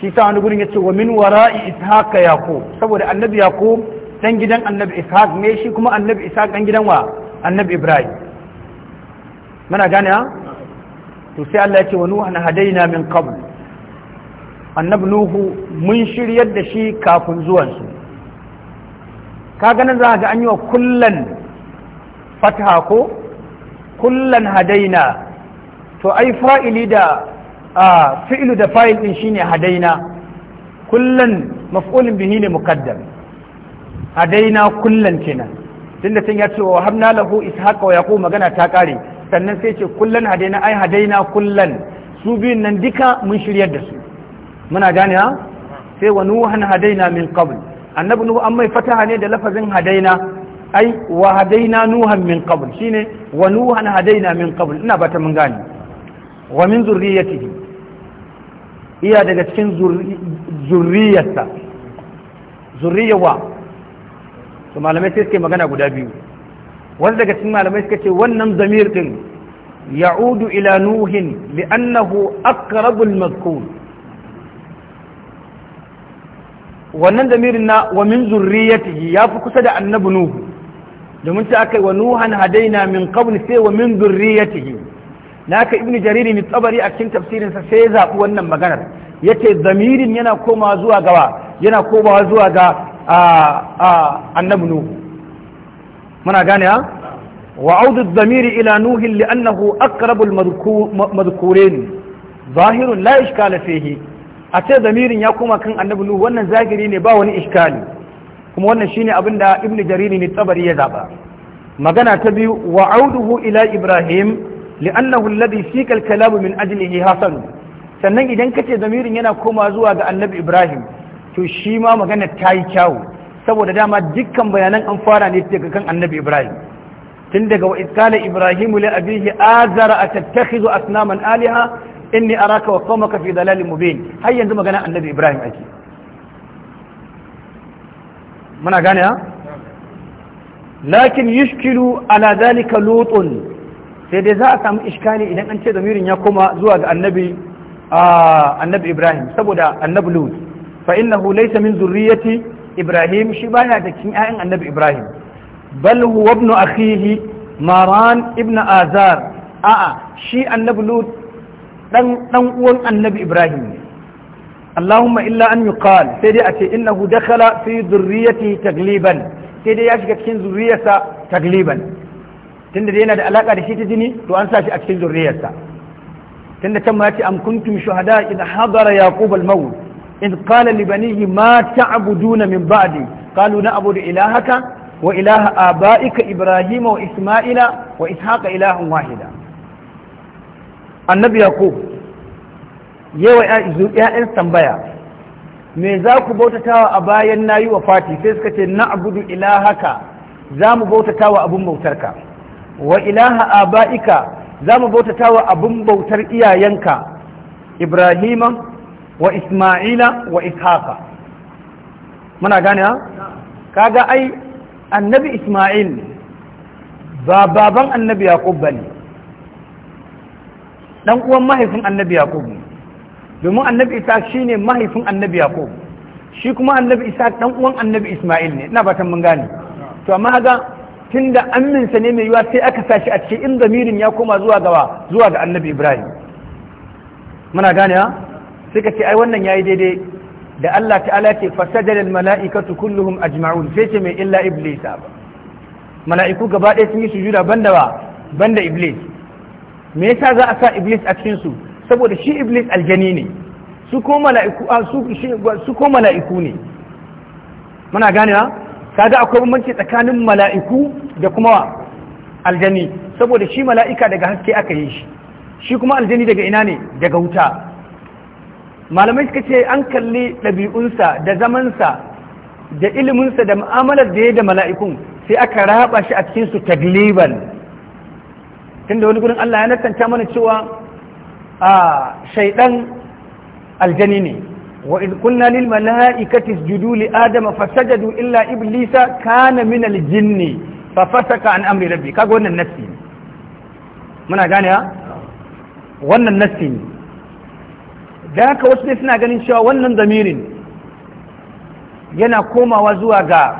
shi ta wani gurin yace wa min wara'i Ishaq yaku saboda annabi yaku dan gidan annabi Ishaq ne shi kuma annabi Ishaq dan gidan wa annabi Ibrahim Mana gane ha to sai Allah ya ce wa nuhu na hadaina min qabl annabi nuhu mun shiryar da shi kafin zuwansu ka ganin za ga an yi wa kullan fataha ko kullan hadaina to ai fa'ili da fi'ilu da fa'il din shine hadaina kullan maf'ulin bihi ne muqaddam hadaina kullan kenan tunda tun ya ce wa habna lahu ishaqa wa yaqub magana ta ƙare. sannan sai ce kullan hadaina ai hadaina kullan su biyun nan duka mun shiryar da su muna gane ha sai wa nuhan hadaina min qabl annabi nuhu an mai fataha ne da lafazin hadaina ai wa hadaina nuhan min qabl shine wa nuhan hadaina min qabl ina bata mun gane wa min zurriyatihi iya daga cikin zurriyarsa zurriyawa to malamai sai suke magana guda biyu wanda daga cikin malamai suka ce wannan zamir din ya'udu ila nuhin li'annahu aqrabul mazkur wannan zamirin na wa min zurriyatihi fi kusa da annabi nuhu domin ta akai wa nuhan hadaina min qabl sai wa min zurriyatihi naka ibnu jariri mai tsabari a cikin tafsirin sa sai ya zabi wannan maganar yace zamirin yana komawa zuwa gaba yana komawa zuwa ga annabi nuhu muna gane ha wa audu damiri ila nuhin li'annahu aqrabul madhkurin zahirun la ishkala fihi a ce zamirin ya koma kan annabi nuhu wannan zahiri ne ba wani ishkali kuma wannan shine abin da ibnu jariri ne tsabari ya zaba magana ta biyu wa auduhu ila ibrahim li'annahu alladhi sika al min ajlihi hasan sannan idan kace zamirin yana koma zuwa ga annabi ibrahim to shi ma magana ta yi kyawu saboda dama dukkan bayanan an fara ne daga kan annabi ibrahim tun daga wa iskala ibrahim li abihi azara atattakhidhu asnaman aliha inni araka wa qawmaka fi dalalin mubin har yanzu magana annabi ibrahim ake muna gane ha lakin yushkilu ala zalika lutun sai dai za a samu iskali idan an ce zamirin ya koma zuwa ga annabi annabi ibrahim saboda annabi lut fa innahu laysa min zurriyyati ibrahim shi baya da cikin ƴaƴan annabi ibrahim bal huwa ibnu akhihi maran ibnu azar a'a shi annabi lut dan uwan annabi ibrahim ne allahumma illa an yuqal sai dai a ce innahu dakhala fi dhurriyyati tagliban sai dai ya shiga cikin zuriyarsa tagliban tunda dai yana da alaka da shi ta jini to an sa shi a cikin zuriyarsa tunda can ma a ce am kuntum shuhada idh hadara yaqub إذ قال لبنيه ما تعبدون من بعدي قالوا نعبد إلهك وإله آبائك إبراهيم وإسماعيل وإسحاق إله واحدا annabi yaqub yawa ya'yan tambaya me za ku bautata wa a bayan na yi wa fati sai suka ce na abudu ilahaka za mu bautata wa abin bautarka wa ilaha aba'ika za mu bautata wa abin bautar iyayenka ibrahima wa isma'ila wa ishaqa muna gane ha kaga ai annabi isma'il ba baban annabi yaqub bane dan uwan mahaifin annabi yaqub domin annabi isa shine mahaifin annabi yaqub shi kuma annabi isa dan uwan annabi isma'il ne ina fatan mun gane to amma kaga tunda aminsa ne mai yiwa sai aka sashi a cikin zamirin ya koma zuwa gaba zuwa ga annabi ibrahim muna gane ha suka ce ai wannan yayi daidai da Allah ta'ala ce fasajada al mala'ikatu kulluhum ajma'un sai ce mai illa iblis ba mala'iku gaba ɗaya sun yi sujuda banda ba banda iblis me yasa za a sa iblis a cikin su saboda shi iblis aljani ne su ko mala'iku su su ko mala'iku ne muna ganewa kaga akwai bambanci tsakanin mala'iku da kuma aljani saboda shi mala'ika daga haske aka yi shi shi kuma aljani daga ina ne daga wuta malamai suka ce an kalli ɗabi'unsa da zamansa da iliminsa da mu'amalar da ya da mala'ikun sai aka raba shi a cikinsu tagliban da wani gurin Allah ya nasanta mana cewa a shaidan aljani ne wa in kunna lil mala'ikati isjudu li adama fasajadu illa iblisa kana min al jinni fa fasaka an amri rabbi kaga wannan nassi muna gane ha wannan nassi ne da haka wasu ne suna ganin cewa wannan zamirin yana komawa zuwa ga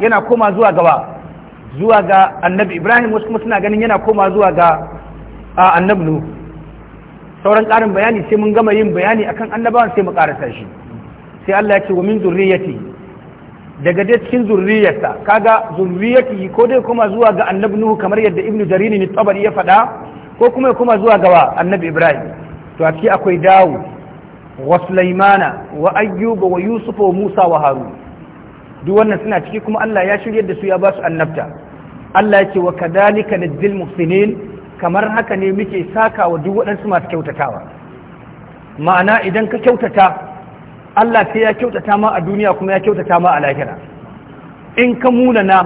yana koma zuwa gaba zuwa ga annabi ibrahim wasu kuma suna ganin yana koma zuwa ga annabi nu sauran karin bayani sai mun gama yin bayani akan annabawan sai mu ƙarasa shi sai Allah ya ce wa min zurriyati daga dai cikin zurriyarsa kaga zurriyati ko dai kuma zuwa ga annabi kamar yadda ibnu jarini ne tabari ya faɗa ko kuma kuma zuwa ga annabi ibrahim to a ciki akwai dawo wa sulaimana wa ayyuba wa yusufa wa musa wa harun duk wannan suna ciki kuma Allah ya shirya da su ya ba su annabta Allah ya ce wa kadhalika najzil muhsinin kamar haka ne muke saka wa duk waɗansu masu kyautatawa ma'ana idan ka kyautata Allah sai ya kyautata ma a duniya kuma ya kyautata ma a lahira in ka munana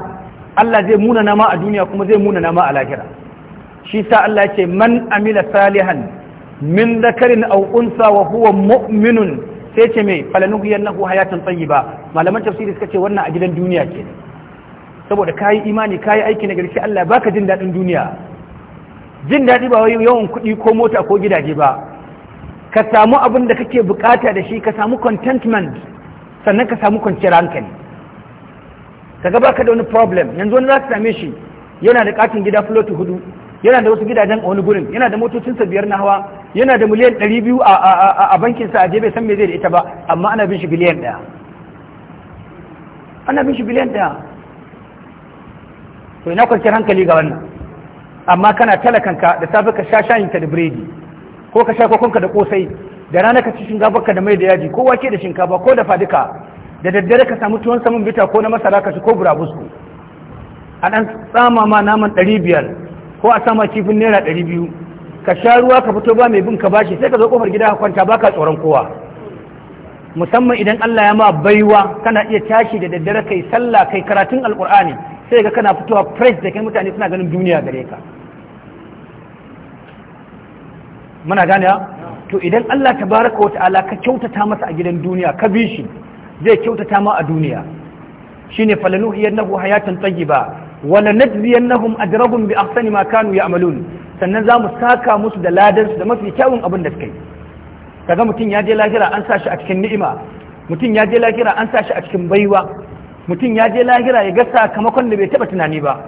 Allah zai munana ma a duniya kuma zai munana ma a lahira shi sa Allah ya ce man amila salihan min dakarin aw unsa wa huwa mu'minun sai ce me falanuhiyannahu hayatan tayyiba malaman tafsiri suka ce wannan a gidan duniya ke saboda kayi imani kayi aiki na gaske Allah baka jin dadin duniya jin dadi ba wai yawan kuɗi ko mota ko gidaje ba ka samu abin da kake bukata da shi ka samu contentment sannan ka samu kwanciyar hankali kaga baka da wani problem yanzu wani za ka same shi yana da katin gida floti hudu yana da wasu gidajen a wani gurin yana da motocinsa biyar na hawa yana da miliyan ɗari biyu a bankinsa a bai san me zai da ita ba amma ana bin shi biliyan ɗaya ana bin shi biliyan ɗaya to ina kwanciyar hankali ga wannan amma kana talakanka da safe ka sha ka da biredi ko ka sha kokonka da kosai da rana ka ci ka da mai da yaji ko wake da shinkafa ko da faduka da daddare ka samu tuwon saman bita ko na masara ka ci ko burabusku a ɗan tsama ma naman ɗari biyar ko a sama kifin naira ɗari biyu ka sha ruwa ka fito ba mai bin ka bashi sai ka zo kofar gida ka kwanta ka tsoron kowa musamman idan Allah ya ma baiwa kana iya tashi da daddare kai sallah kai karatun alkur'ani sai ga kana fitowa press da kai mutane suna ganin duniya gare ka muna gane to idan Allah tabaraka wata'ala ka kyautata masa a gidan duniya ka bi shi zai kyautata ma a duniya shine hiyannahu hayatan tayyiba wala najziyannahum ajrahum bi ahsani ma kanu ya'malun sannan za mu saka musu da ladar su da mafi kyawun abin da suka yi kaga mutum ya je lahira an sa shi a cikin ni'ima mutum ya je lahira an sa shi a cikin baiwa mutum ya je lahira ya ga sakamakon da bai taba tunani ba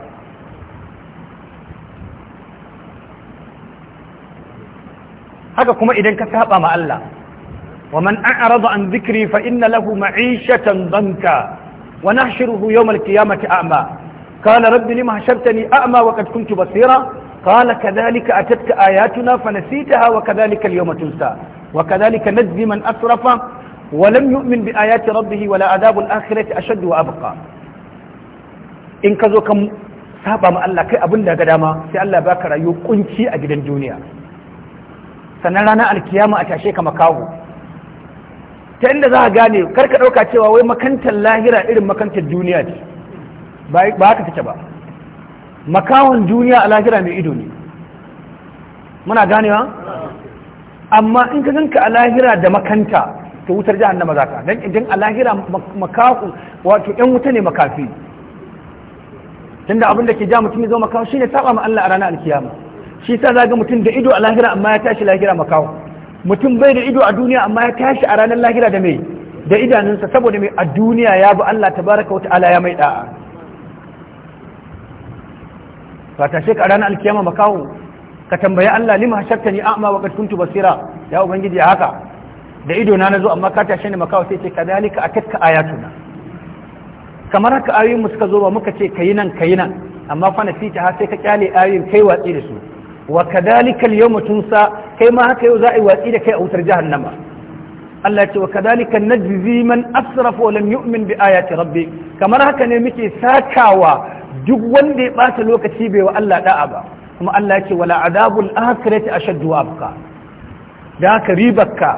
haka kuma idan ka saba ma Allah wa man a'rada an dhikri fa inna lahu ma'ishatan danka wa nahshuruhu yawm al-qiyamati a'ma قال رب لما حشرتني أعمى وقد كنت بصيرا قال كذلك أتتك آياتنا فنسيتها وكذلك اليوم تنسى وكذلك نجزي من أسرف ولم يؤمن بآيات ربه ولا عذاب الآخرة أشد وأبقى in ka zo kan saba ma Allah kai abin da dama sai Allah baka rayu kunci a gidan duniya sannan ranar alkiyama a tashe ka makaho ta inda za a gane kar ka ɗauka cewa wai makantar lahira irin makantar duniya ce ba haka take ba makawan duniya a lahira mai ido ne muna ganewa amma in ka ganka a lahira da makanta to wutar jahannama za ka dan idan a lahira makafu wato yan wuta ne makafi tunda abin da ke ja mutum ya zo shi shine saba ma Allah a ranar alkiyama shi yasa zaga mutum da ido a lahira amma ya tashi lahira makawo mutum bai da ido a duniya amma ya tashi a ranar lahira da mai da idanunsa saboda mai a duniya ya bi Allah tabaraka wa ta'ala ya mai da'a ka tashe ka ranar alkiyama makaho ka tambayi Allah lima ma a'ma wa qad kuntu basira ya ubangiji ya haka da ido na nazo amma ka tashe ni makaho sai ce kadhalika atatka ayatuna kamar haka ayoyin mu suka zo ba muka ce kayi nan kayi nan amma fa nasita har sai ka kyale ayoyin kai watsi da su wa kadhalika al-yawma tunsa kai ma haka yau za a yi watsi da kai a wutar jahannama Allah ce wa kadhalika najzi man asrafa wa lam yu'min bi ayati rabbi kamar haka ne muke sakawa duk wanda ya ɓata lokaci bai wa Allah da'a ba kuma Allah ce wala azabul akhirati ashaddu abqa da haka ribarka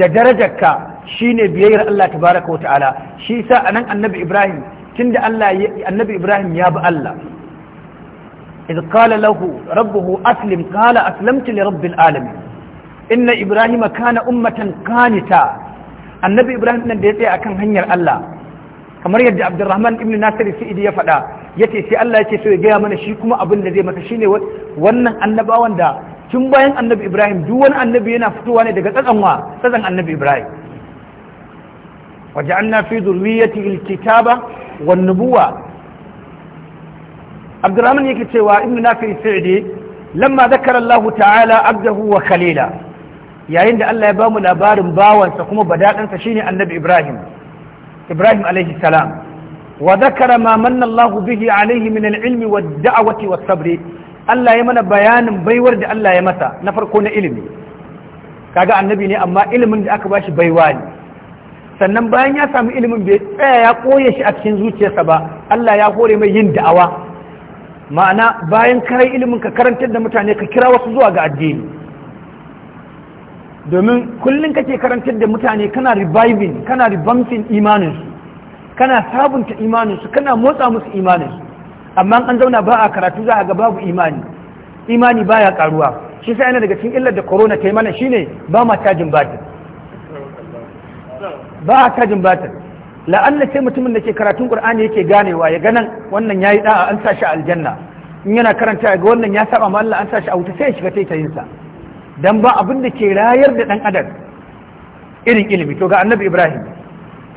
da darajarka shine biyayyar Allah tabaraka wa ta'ala shi yasa anan annabi Ibrahim tunda Allah annabi Ibrahim ya bi Allah إذ قال له ربه أسلم قال أسلمت لرب العالمين إن إبراهيم كان أمة قانتا النبي إبراهيم نن ديتي أكن هنير الله كما يرد عبد الرحمن ابن ناصر السيدي يفدا yace sai Allah yake so ya gaya mana shi kuma abin da zai masa shine wannan annabawan da tun bayan annabi Ibrahim duk wani annabi yana fitowa ne daga tsatsanwa tsatsan annabi Ibrahim وجعلنا في ذريته الكتاب والنبوة عبد الرحمن يكتوى ابن نافع السعدي لما ذكر الله تعالى عبده وخليله yayin da Allah ya bamu labarin bawansa kuma badaɗansa shine annabi Ibrahim Ibrahim alaihi salam وذكر ما من الله به عليه من العلم والدعوة والصبر الله يمنى بيان دي الله يمسى نفرقون علمي kaga annabi ne amma ilimin da aka shi baiwa ne sannan bayan ya samu ilimin bai tsaya ya koya shi a cikin zuciyarsa ba Allah ya hore mai yin da'awa ma'ana bayan karai ilimin ka karantar da mutane ka kira wasu zuwa ga addini domin kullum kake karantar da mutane kana reviving kana revamping imaninsu kana sabunta imaninsu kana motsa musu imaninsu amma an zauna ba a karatu za a ga babu imani imani baya karuwa shi sai yana daga cikin illar da corona ta yi mana shine ba ma tajin batir ba a tajin batir la'alla sai mutumin da ke karatun qur'ani yake ganewa ya ganan wannan yayi da'a an sa shi aljanna in yana karanta ga wannan ya saba ma Allah an sa shi a wuta sai ya shiga yin sa dan ba abin da ke rayar da dan adam irin ilimi to ga annabi ibrahim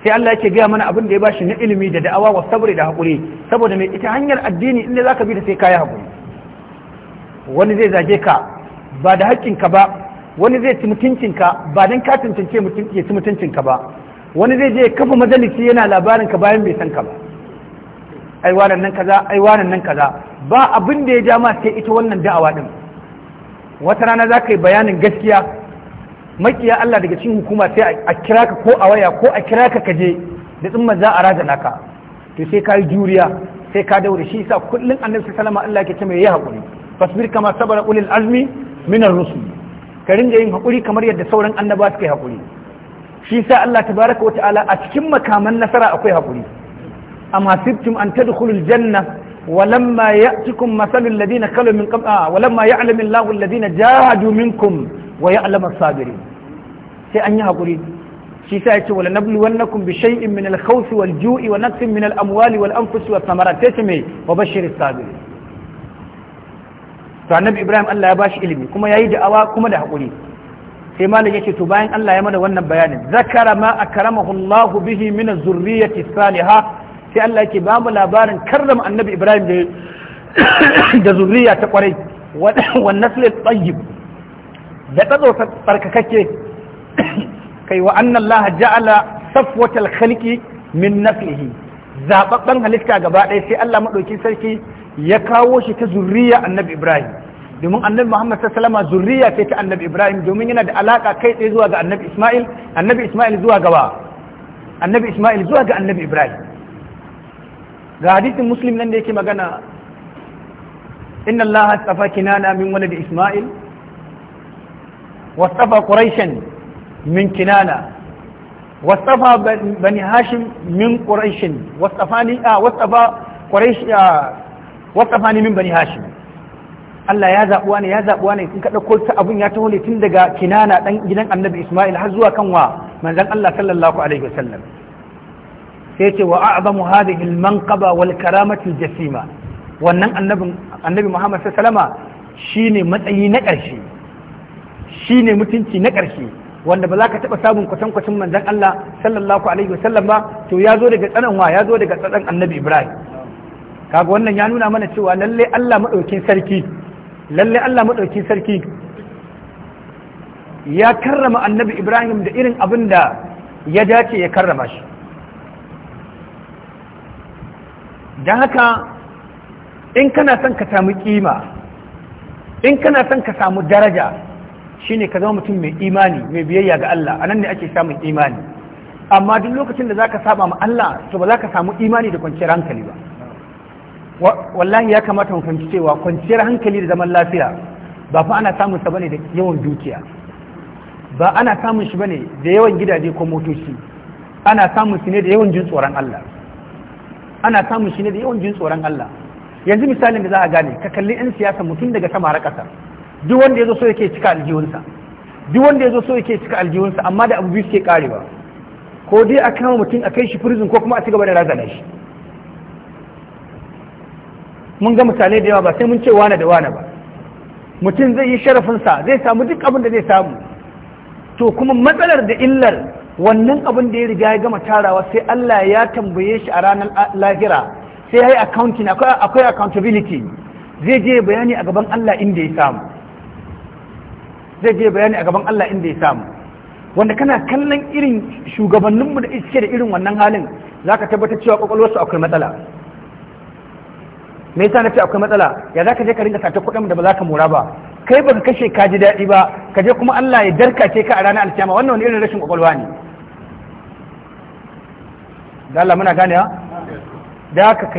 sai Allah yake gaya mana abin da ya bashi na ilimi da da'awa wa sabri da haƙuri saboda mai ita hanyar addini inda zaka bi da sai kayi haƙuri wani zai zage ka ba da ka ba wani zai ci mutuncinka ba dan ka tantance ya ci mutuncinka ba wani zai je kafa majalisi yana labarin ka bayan bai san ka ba ai wannan nan kaza ai wannan nan kaza ba abin da ya ja ma sai ita wannan da'awa din wata rana za yi bayanin gaskiya makiya Allah daga cikin hukuma sai a kira ka ko a waya ko a kira ka kaje da tsumman za a razana ka to sai ka yi juriya sai ka daure shi yasa kullun annabi sallama Allah yake ce mai yi hakuri fasbir kama sabara ulil azmi min ar-rusul ka ringa yin hakuri kamar yadda sauran annaba suka yi hakuri shi sa Allah tabaraka wa ta'ala a cikin makaman nasara akwai hakuri amma sibtum an tadkhulul janna ولما يأتكم مثل الذين خلوا من قبل آه ولما يعلم الله الذين جاهدوا sai an yi haƙuri shi sa ya ce wala nablu kun bi shay'in min al-khawfi wal ju'i wa naqsin min al-amwali wal anfusi wa thamarat sai ce me wa bashir sabiri to annabi ibrahim Allah ya bashi ilimi kuma yayi da'awa kuma da haƙuri sai malam yake to bayan Allah ya mana wannan bayanin zakara ma akramahu Allah bihi min az-zurriyyati salihah sai Allah yake ba mu labarin karrama annabi ibrahim da da zurriya ta kwarai wa nasl tayyib da tsaro tsarkakakke kai wa anna Allah ja'ala safwatal khalqi min naflihi zababban halitta gaba ɗaya sai Allah madauki sarki ya kawo shi ta zurriya annabi Ibrahim domin annabi Muhammad sallallahu alaihi zurriya ce ta annabi Ibrahim domin yana da alaka kai tsaye zuwa ga annabi Ismail annabi Ismail zuwa gaba annabi Ismail zuwa ga annabi Ibrahim ga hadisin Muslim nan da yake magana inna Allah astafa kinana min walad Ismail واصطفى قريشا min kinana wasafa bani hashim min quraishin wasafani a wasafa quraish a wasafani min bani hashim Allah ya zabuwa ne ya zabuwa ne in ka dauko ta ya taho ne tun daga kinana dan gidan annabi Isma'il har zuwa kan wa manzon Allah sallallahu alaihi wasallam sai ce wa a'zamu hadhihi ilman manqaba wal karamati jasima wannan annabi Muhammad Sallama alaihi wasallama shine matsayi na ƙarshe shine mutunci na ƙarshe wanda ba za ka taɓa samun kwatankwacin manzan Allah sallallahu alaihi wasallam ba to ya zo daga tsanan wa ya zo daga tsanan annabi Ibrahim kaga wannan ya nuna mana cewa lalle Allah madaukin sarki lalle Allah madaukin sarki ya karrama annabi Ibrahim da irin abin da ya dace ya karrama shi dan haka in kana son ka samu kima in kana son ka samu daraja Shi ne ka zama mutum mai imani mai biyayya ga Allah a nan ne ake samun imani amma duk lokacin da za ka saba ma Allah to ba za ka samu imani da kwanciyar hankali ba wallahi ya kamata mu fahimci cewa kwanciyar hankali da zaman lafiya ba fa ana samun sa bane da yawan dukiya ba ana samun shi bane da yawan gidaje ko motoci ana samun shi ne da yawan jin tsoron Allah ana samun shi ne da yawan jin tsoron Allah yanzu misalin da za a gane ka kalli 'yan siyasa mutum daga sama har ƙasa duk wanda ya zo so yake cika aljihunsa duk wanda ya zo so yake cika aljihunsa amma da abu biyu suke karewa ko dai a kama mutum a kai shi prison ko kuma a ci gaba da razana shi mun ga mutane da yawa ba sai mun ce wane da wane ba mutum zai yi sharafinsa zai samu duk abin da zai samu to kuma matsalar da illar wannan abin da ya riga ya gama tarawa sai Allah ya tambaye shi a ranar lahira sai ya yi accounting akwai accountability zai je bayani a gaban Allah inda ya samu zai je bayani a gaban Allah inda ya samu wanda kana kallon irin shugabanninmu da iske da irin wannan halin za ka tabbatar cewa kwakwalwarsu akwai matsala me yasa na ce akwai matsala ya za ka je ka ringa sata kuɗin da ba za ka mora ba kai ba ka kashe ka ji daɗi ba ka je kuma Allah ya ke ka a ranar alkiyama wannan wani irin rashin kwakwalwa ne da Allah muna ganewa da haka kai